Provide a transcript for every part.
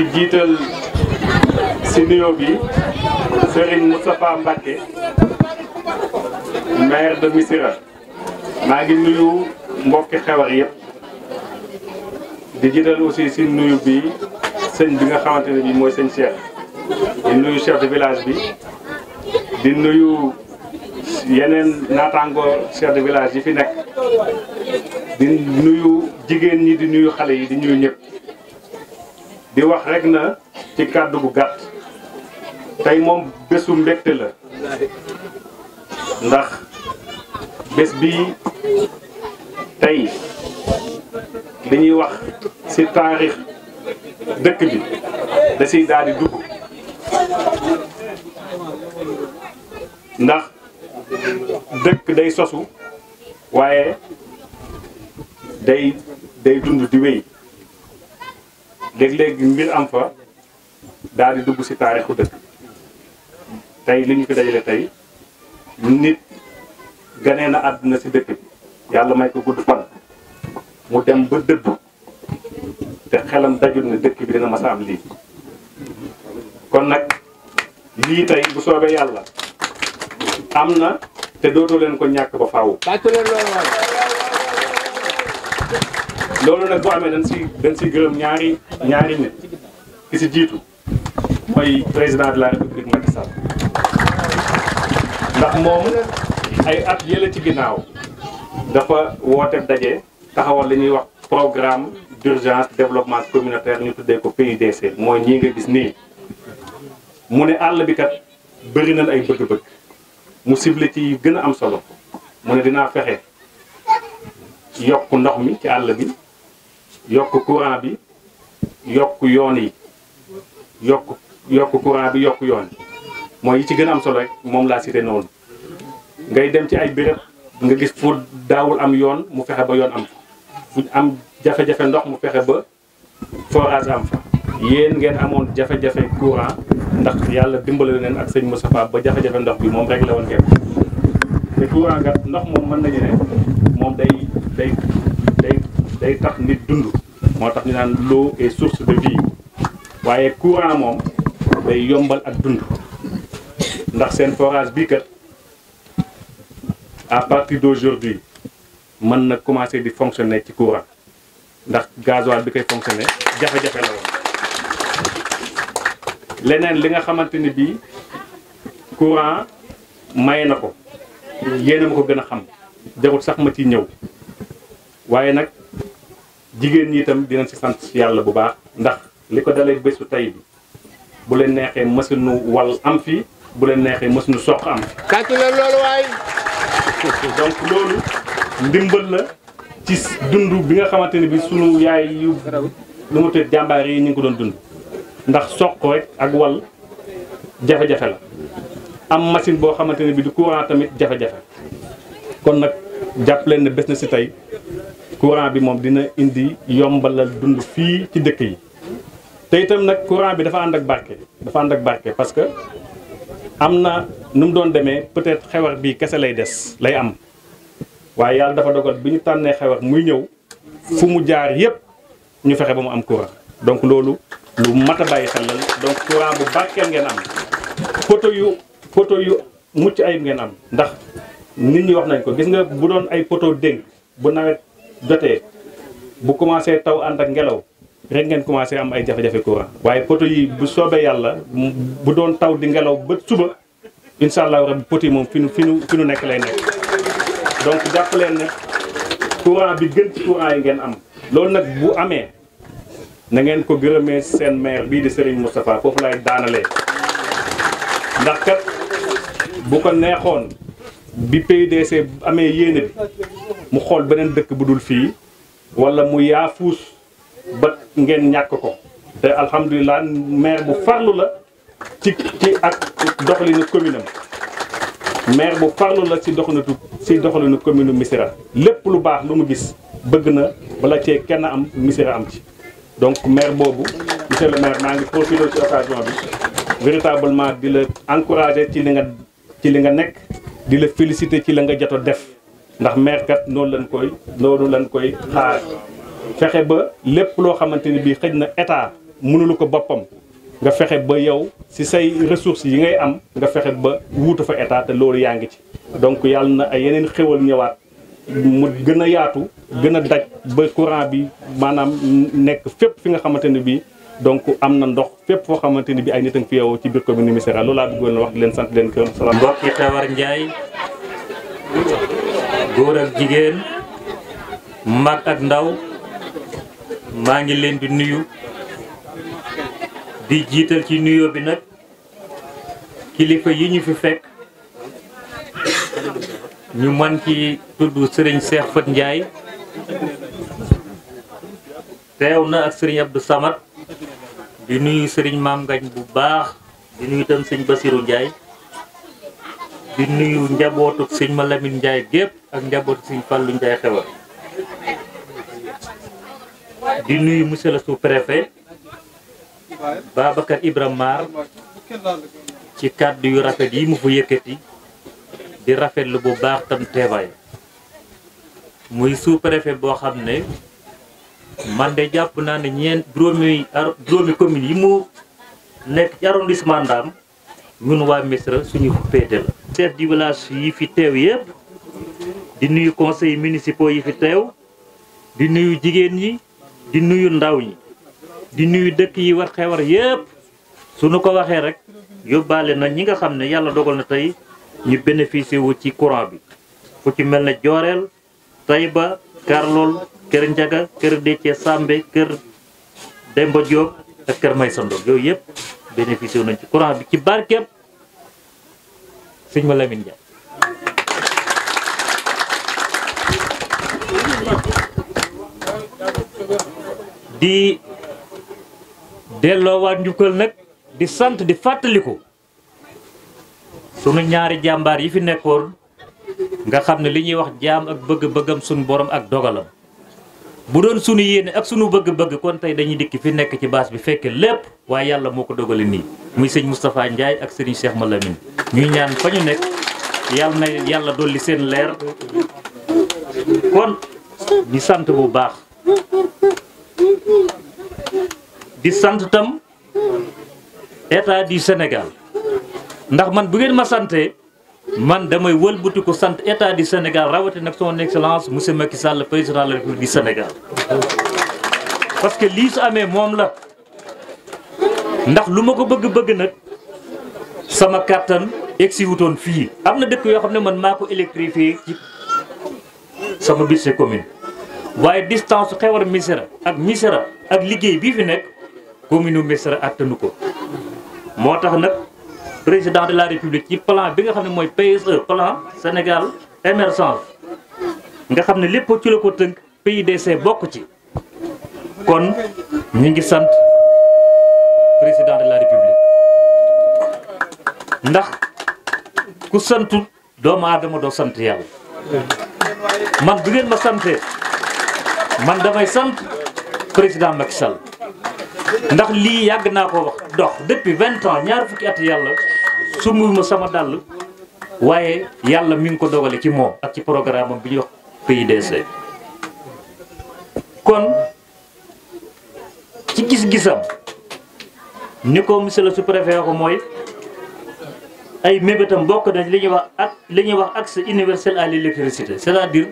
di jiital si nuyoo bi Serigne Moustapha Mbacké maire de Missirah maa ngi nuyu mbokki xewar yëpp di jiital aussi si nuyu bi sëñ bi nga xamante ne bi mooy sëñ Cheikh di nuyu chef de village bi di nuyu yeneen naataango chef de village yi fi nekk di nuyu jigéen ñi di nuyu xale yi di nuyu ñëpp di wax rek na ci kàddu bu gàtt tey moom bésu mbégte la ndax bés bi tey li ñuy wax ci taarix dëkk bi da siy daal di dugg ndax dëkk day sosu waaye day day dund di wéy léeg-léeg mbir am fa daal di dugg si taarixu dëkk tey li ñu fi dajale tey nit ganee na àdduna si dëkk bi yàlla may ko gudd fan mu dem ba dëdd te xelam dajul ne dëkk bi dina ma a am lii kon nag lii tey bu soobee yàlla am na te dootoo leen ko ñàkk ba faaw. loolu nag bu amee dañ si dañ si gërëm ñaari ñaari nit ki si jiitu mooy président de la république Macky Sall ndax moom ay at yële ci ginnaaw dafa woote daje taxawal li ñuy wax programme d'urgence développement communautaire ñu tuddee ko PUDC mooy ñii nga gis nii mu ne àll bi kat bëri nañ ay bëgg-bëgg mu ciblé ci gën a am solo mu ne dinaa fexe yokk ndox mi ci àll bi yokk courant bi yokk yoon yi yokk yokk courant bi yokk yoon yi mooy yi ci gën a am solo rek moom laa cité noonu ngay dem ci ay béréb nga gis fu daawul am yoon mu fexe ba yoon am fa fu am jafe-jafe ndox mu fexe ba forage fa yéen ngeen amoon jafe-jafe courant ndax yàlla dimbale leen ak sëñ Moustapha ba jafe-jafe ndox bi moom rek la woon ngeen te courant gat ndox moom mën nañu ne moom day day day day tax nit dund moo tax ñu naan l'eau est source de vie waaye courant moom day yombal ak dund ndax seen forage bii kat à partir d'aujourd'hui mën na commencer di fonctionner ci courant ndax gasoil bi koy fonctionner jafe-jafe la woon leneen li nga xamante ni bii courant may na ko yéena ma ko gën a xam jarul sax ma ci ñëw waaye nag jigéen ñi itam dinañ si sant yàlla bu baax ndax li ko dalee bésu tey bi bu leen neexee mësuñu wal am fii bu leen neexee mësuñu soq am fi kàcc leen loolu waay donc loolu ndimbal la ci dund bi nga xamante ne bi sunu yaay yu lu mu tëdd jàmbaar yi ñu ngi ko doon dund ndax soq rek ak wal jafe-jafe la am machine boo xamante ne bi du courant tamit jafe-jafe kon nag jàpp leen ne bés na si tey courant bi moom dina indi yombal yombalal dund fii ci dëkk yi te itam nag courant bi dafa ànd ak barke dafa ànd ak barke parce que am na nu mu doon demee peut-être xewar bii kese lay des lay am waaye yàlla dafa dogal bi ñu tànnee xewar muy ñëw fu mu jaar yépp ñu fexe ba mu am courant donc loolu lu mat bàyyi xel la donc courant bu barkeel ngeen am poto yu poto yu mucc ayib ngeen am ndax nit ñu wax nañ ko gis nga bu doon ay poto dénk bu nawet jotee bu commencé taw ànd ak ngelaw rek ngeen commencé am ay jafe-jafe courant waaye poto yi bu soobee yàlla bu doon taw di ngelaw ba suba incha allah rabi poto yi moom fi nu fi nu fi nekk lay nekk donc jàpp leen ne courant bi gën ci courant yi ngeen am loolu nag bu amee na ngeen ko gërëmee seen maire bii di Serigne Moustapha foofu lay daanalee ndax kat bu ko neexoon bi PUDC amee yéene bi mu xool beneen dëkk bu dul fii wala mu yaafuus ba ngeen ñàkk ko te alhamdulilah maire bu farlu la ci ci ak doxalinu commune am maire bu farlu la ci doxalinatu ci doxalinu commune Missirah lépp lu baax lu mu gis bëgg na bala cee kenn am Missirah am ci donc maire boobu monsieur le maire maa ngi profité ci occasion bi véritablement di la encourager ci li nga nekk di la féliciter ci la nga jot def ndax maire noonu lan koy loolu lañ koy xaar fexe ba lépp loo xamante ni bii xëj na état mënulu ko boppam nga fexe ba yow si say ressource yi ngay am nga fexe ba wuutu fa état te loolu yaa ngi ci. donc yàlla na ay yeneen xéwal ñëwaat mu gën a yaatu gën a daj ba courant bi maanaam nekk fépp fi nga xamante ne bii. donc am na ndox fépp foo xamante ni bi ay nit a fi yeewoo ci biir commune Missirah loolu laa bëggoon wax leen sant leen kër. mbokk yi Tawar Ndiaye. góor ak jigéen mag ak ndaw maa ngi leen di nuyu di jiital ci nuyo bi nag kilifa yi ñu fi fekk ñu man ci tudd sëriñ Seex Fat Njaay teew na ak sëriñ Abdou Samad di nuyu sëriñ Maam Ngañ bu baax di nuyu itam sëñ Basiru Njaay di nuyu njabootuk sëñ Malamine Njaay gépp ak njaboot Serigne Fallou Ndiaye xewal di nuyu monsieur le sous-préfet Babacar ci kàddu yu rafet yi mu fa yëkkati di rafetlu bu baax tam teebaay muy sous boo xam ne man de jàpp naa ne ñeen juróomi juróomi commune yi mu nekk ci arrondissement Ndam ñun waa Missirah suñu péete la chef du village yi fi teew yëpp di nuyu conseils municipaux yi fi teew di nuyu jigéen ñi di nuyu ndaw ñi di nuyu dëkk yi war xewar yépp su nu ko waxee rek yóbbaale na ñi nga xam ne yàlla dogal na tey ñu bénéficier wu ci courant bi fu ci mel na Diorel Taïba Karlol Kër Ndiaga Kër Déthié Sambé Kër Demba Diop ak Kër Maysa yooyu yëpp bénéficier wu nañ ci courant bi ci barkeeb sëñ ma Lamine Ndiaye di delloowaat njukkal nag di sant di fàttaliku sunu ñaari jàmbaar yi fi nekkoon nga xam ne li ñuy wax jaam ak bëgg-bëggam sunu borom ak dogalam bu doon sunu yéene ak sunu bëgg-bëgg kon tey dañuy dikk fi nekk ci baas bi fekk lépp waaye yàlla moo ko dogale nii muy sëñ mustafaa Ndiaye ak sëriñ Cheikh Malamine ñuy ñaan fa ñu nekk yàlla dolli seen leer kon di sant bu baax di sant tam état du Sénégal ndax man bu ngeen ma sante man damay wëlbati ko sant état du Sénégal rawati nag son excellence monsieur Macky Sall président de parce que lii su amee moom la ndax lu ma ko bëgg-bëgg nag sama kàttan egsi wutoon fii am na dëkk yoo xam ne man maa ko électrifié ci sama budget commune waaye distance xewar misera ak misera ak liggéey bii fi nekk commune Missirah attanu ko moo tax nag président de la république ci plan bi nga xam ne mooy PSE plan Sénégal émergent nga xam ne lépp ci la ko tënk PIDC bokk ci kon ñu ngi sant président de la république ndax ku santu doomu aadama doo sant yàlla man bu ngeen ma sante man damay sant président Macky Sall ndax lii yàgg naa ko wax dox depuis vingt ans ñaar fukki at yàlla sumul ma sama dàll waaye yàlla mi ngi ko dogale ci moom ak ci programme am bi ñuy wax PIDC kon ci gis-gisam ni ko monsieur le sous-préfet ko mooy ay mébétam bokk na li ñuy wax ak li ñuy wax ak accès universel à l'électricité c'est-à-dire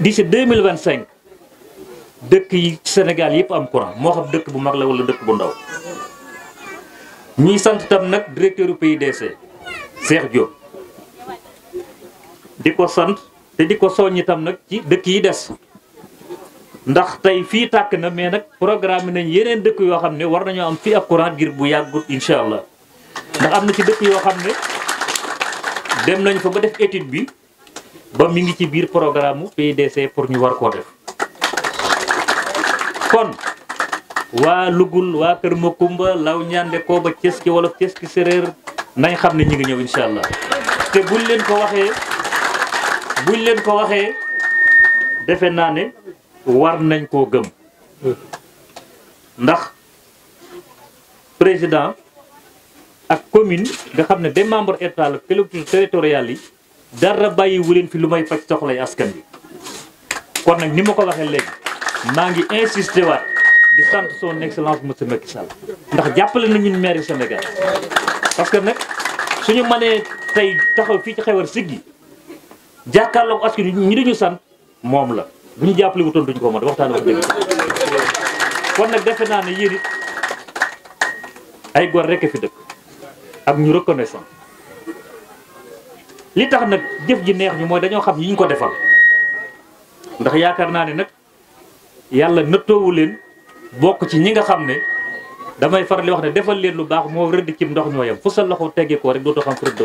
d'ici deux mille vingt-cinq dëkk yi senegal yëpp am courant moo xam dëkk bu mag la wala dëkk bu ndaw ñuy sant tam nag directeur du PIDC Cheikh Diop di ko sant te di ko soññ tam nag ci dëkk yi des ndax tey fii tàkk na mais nag programme nañ yeneen dëkk yoo xam ne war nañoo am fii ak courant ngir bu yàggut incha allah ndax am na ci dëkk yoo xam ne dem nañ fa ba def étude bi ba mu ngi ci biir programme PIDC pour ñu war koo def kon waa Lugul waa Kër Makumba Law Ñande Kooba Ceski wala Ceski séréer nañ xam ne ñi ngi ñëw incha allah te buñ leen ko waxee buñ leen ko waxee defe naa ne war nañ koo gëm ndax président ak commune nga xam ne des membre état la collectivités territoriales yi dara bàyyi wu leen fi lu may faj soxlay askan bi kon nag ni ma ko waxee léegi maa ngi insisté waat di sant son excellence monsieur Macky Sall ndax jàppale na ñun maire Sénégal parce que nag suñu mënee tey taxaw fii ci xewar siggi jàkkaarloog askan wi ñu dañu sant moom la bu ñu jàppale wutoon duñ ko mën waxtaan wax dëgg kon nag defe naa ne yéen it ay gor rek fi dëkk ak ñu reconnaissant li tax nag jëf ji neex ñu mooy dañoo xam yi ñu ko defal ndax yaakaar naa ne nag yàlla nëttoowu leen bokk ci ñi nga xam ne damay faral di wax ne defal leen lu baax moo rëdd ci ndox ñoo yem fu sa loxo teggee ko rek dootoo xam rëdd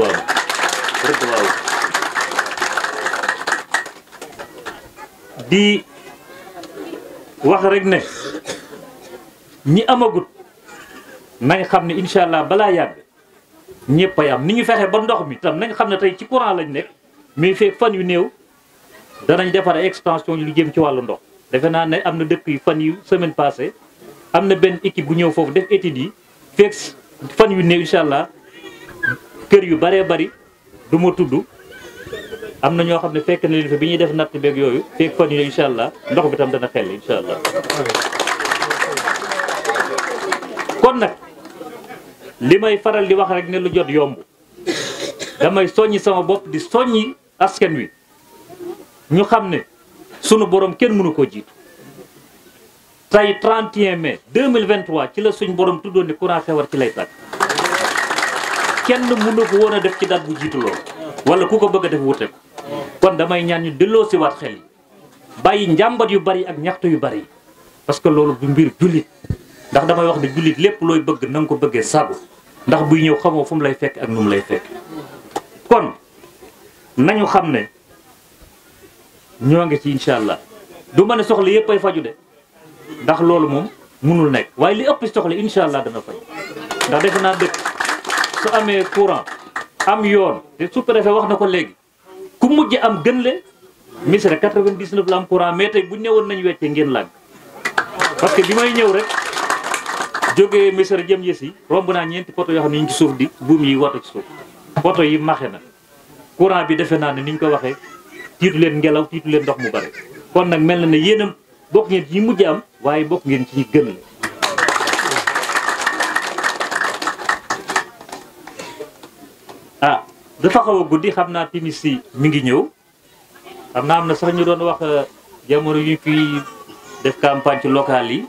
di wax rek ne ñi amagut nañ xam ne incha allah balaa yàgg ñëpp yam ni ñu fexe ba ndox mi tam nañ xam ne tey ci courant lañ nekk mais fee fan yu néew danañ defar extension lu jëm ci wàllu ndox. defe naa ne am na dëkk yu fan yu semaine passée am na benn équipe bu ñëw foofu def études yi fekk fan yu néew incha kër yu bëree bari du ma tudd am na ñoo xam ne fekk na leen fi bi ñuy def natt beeg yooyu fekk fan yu ne incha ndox bi tam dana xel incha kon nag li may faral di wax rek ne lu jot yomb damay soññi sama bopp di soññi askan wi ñu xam ne. sunu borom kenn mënu koo jiitu tey 31 mai 2023 ci la suñ borom tuddoon ni courant feebar ci lay tàgg kenn mënu ko woon a def ci date bu jiitu loolu wala ku ko bëgg a def wute ko kon damay ñaan ñu delloo si waat xel yi bàyyi njàmbat yu bari ak ñaxtu yu bari parce que loolu du mbir jullit ndax damay wax ne jullit lépp looy bëgg na ko bëggee sabu ndax buy ñëw xamoo fu mu lay fekk ak nu mu lay fekk kon nañu xam ne ñoo ngi ci incha allah du ma ne soxla yëpp ay faju de ndax loolu moom munul nekk waaye li ëpp soxla incha allah dana faj ndax defe naa dëkk su amee courant am yoon te sous-préfet wax na ko léegi ku mujj am gën le Missirah 99 la am courant mais tey bu ñëwoon nañu wecce ngeen làgg parce que bi may ñëw rek jógee Missirah jëm yësi romb naa ñeenti poto yoo xam ne ñu ngi ci suuf di buum yi wata ci suuf poto yi maxe na courant bi defe naa ne ni ñu ko waxee tiitu leen ngelaw tiitu leen ndox mu bari kon nag mel na ne yéenam bokk ngeen ci ñi mujj am waaye bokk ngeen ci ñi gën la ah dafa xaw a guddi xam naa timis si mi ngi ñëw xam naa am na sax ñu doon wax euh, jamono yu fi def campagne ci locale yi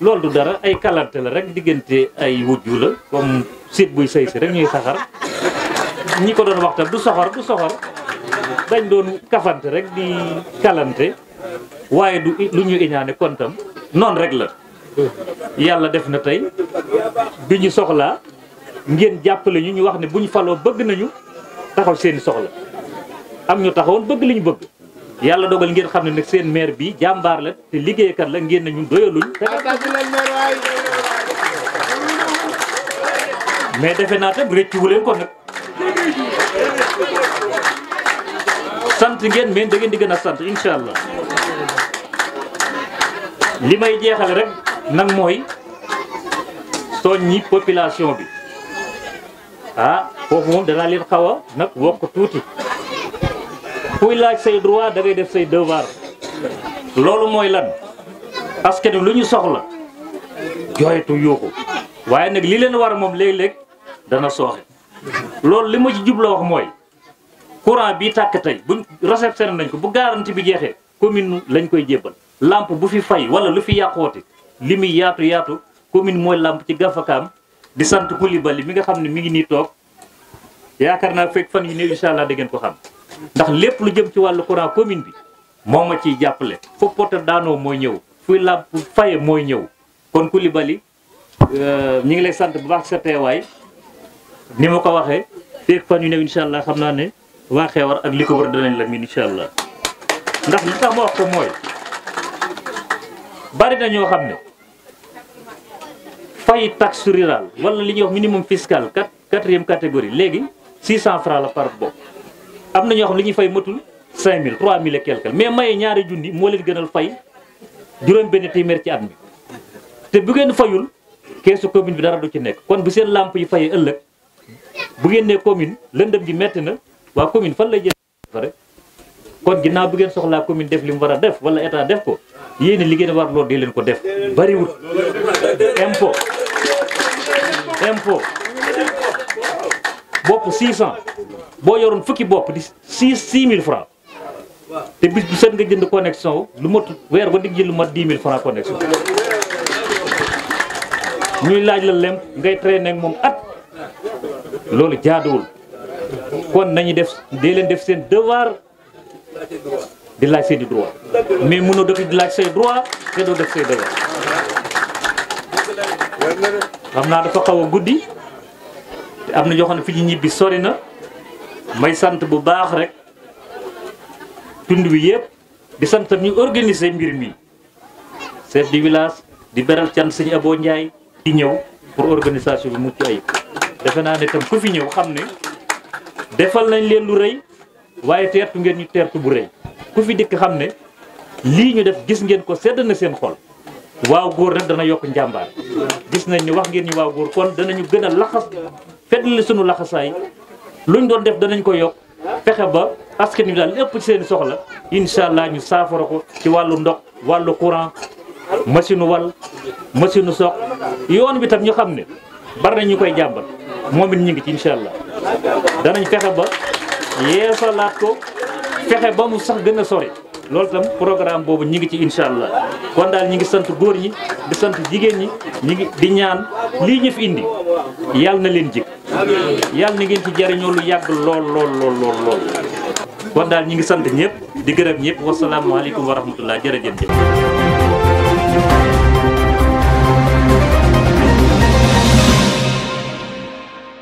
loolu du dara ay kalante la rek diggante ay wujju la comme sit buy sëy si rek ñuy saxar ñi ko doon waxtaan du soxor du soxor dañ doon kafante rek di kalante waaye du lu ñu iñaane kontam noon rek la yàlla def na tey bi ñu soxlaa ngeen jàppale ñu ñu wax ne bu ñu faloo bëgg nañu taxaw seeni soxla am ñu taxawoon bëgg li ñu bëgg yàlla dogal ngeen xam ne nag seen maire bi jàmbaar la te liggéeykat la ngeen nañu doyaluñ mais defe naa tam rëccu leen ko nag sant ngeen mais da ngeen di gën a sant incha allah li may jeexale rek nag mooy soññi population bi ah foofu moom danaa leen xaw a nag wokk tuuti kuy laaj say droit da def say devoir loolu mooy lan askan wi lu ñu soxla jooytu yuuxu waaye nag li leen war moom léeg-léeg dana sooxe loolu li ma ci jubla wax mooy courant bi tàkk tey buñ réceptionné nañ ko bu garantie bi jeexee commune lañ koy jébbal lampe bu fi fay wala lu fi yàqooti li muy yaatu yaatu commune mooy lampe ci gafakaam di sant Coulibaly mi nga xam ne mu ngi nii toog yaakaar naa fekk fan yi ne incha allah da ngeen ko xam ndax lépp lu jëm ci wàllu courant commune bi moom ma ciy jàppale fo poto daanoo mooy ñëw fuy làmp faye mooy ñëw kon Coulibaly euh, ñu ngi lay sant bu baax sa teewaay ni ma ko waxee fekk fan yu ne waa Xewar ak li ko wër danañ la miin incha allah ndax li tax ma wax ko mooy bari na ñoo xam ne fay taxe rurale wala li ñuy wax minimum fiscal quatre quatrième catégorie léegi 600 francs la par bopp. am na ñoo xam li ñuy fay matul 5000 3000 et quelque mais maye ñaari junni moo leen gënal fay juróom-benn téeméer ci at mi te bu ngeen fayul keesu commune bi dara du ci nekk kon bi seen làmp yi fayee ëllëg bu ngeen nee commune lëndëm gi metti na. waa commune fan lay jël pare kon ginnaaw bu ngeen soxlaa commune def li mu war a def wala état def ko yéen li a war loolu di leen ko def bariwul impôt impôt bopp 600 boo yoroon fukki bopp di 6 6000 francs te bis bu set nga jënd connexion lu mat weer ba dig jël lu mat 10 000 francs connexion ñuy laaj la lem ngay traîner moom at loolu jaaduwul kon nañu def dee leen def seen devoir di laaj seen i droit mais mënoo dëkk di laaj say droit te doo def say devoir xam naa dafa xaw a guddi te am na yoo xam ne fi ñu ñibbi sori na may sant bu baax rek tund bi yëpp di sant ñu organiser mbir mi chef du village di beral can sëñ Abo Ndiaye di ñëw pour organisation bi mucc ayib defe naa ne tam ku fi ñëw xam ne defal nañ leen lu rëy waaye teertu ngeen ñu teertu bu rëy ku fi dikk xam ne lii ñu def gis ngeen ko sedd na seen xol waaw góor nag dana yokk njàmbaar gis nañ ni wax ngeen ñu waaw góor kon danañu gën a laxas fetli suñu laxasaay ñu doon def danañ ko yokk fexe ba askan wi daal lépp seeni seen soxla incha ñu saafara ko ci wàllu ndox wàllu courant machine wal machine sox yoon bi tam ñu xam ne bari nañ ñu koy jàmbat moom it ñu ngi ci incha allah danañ fexe ba yeesalaat ko fexe ba mu sax gën a sori loolu tam programme boobu ñi ngi ci incha allah kon daal ñi ngi sant góor ñi di sant jigéen ñi ñi ngi di ñaan lii ñu fi indi yàlla na leen jik yàlla na ngeen ci jariñoo lu yàgg lool lool lool lool lool ñi ngi sant ñëpp di gërëm ñëpp wasalaamualeykum wa rahmatullah jërëjëf jëf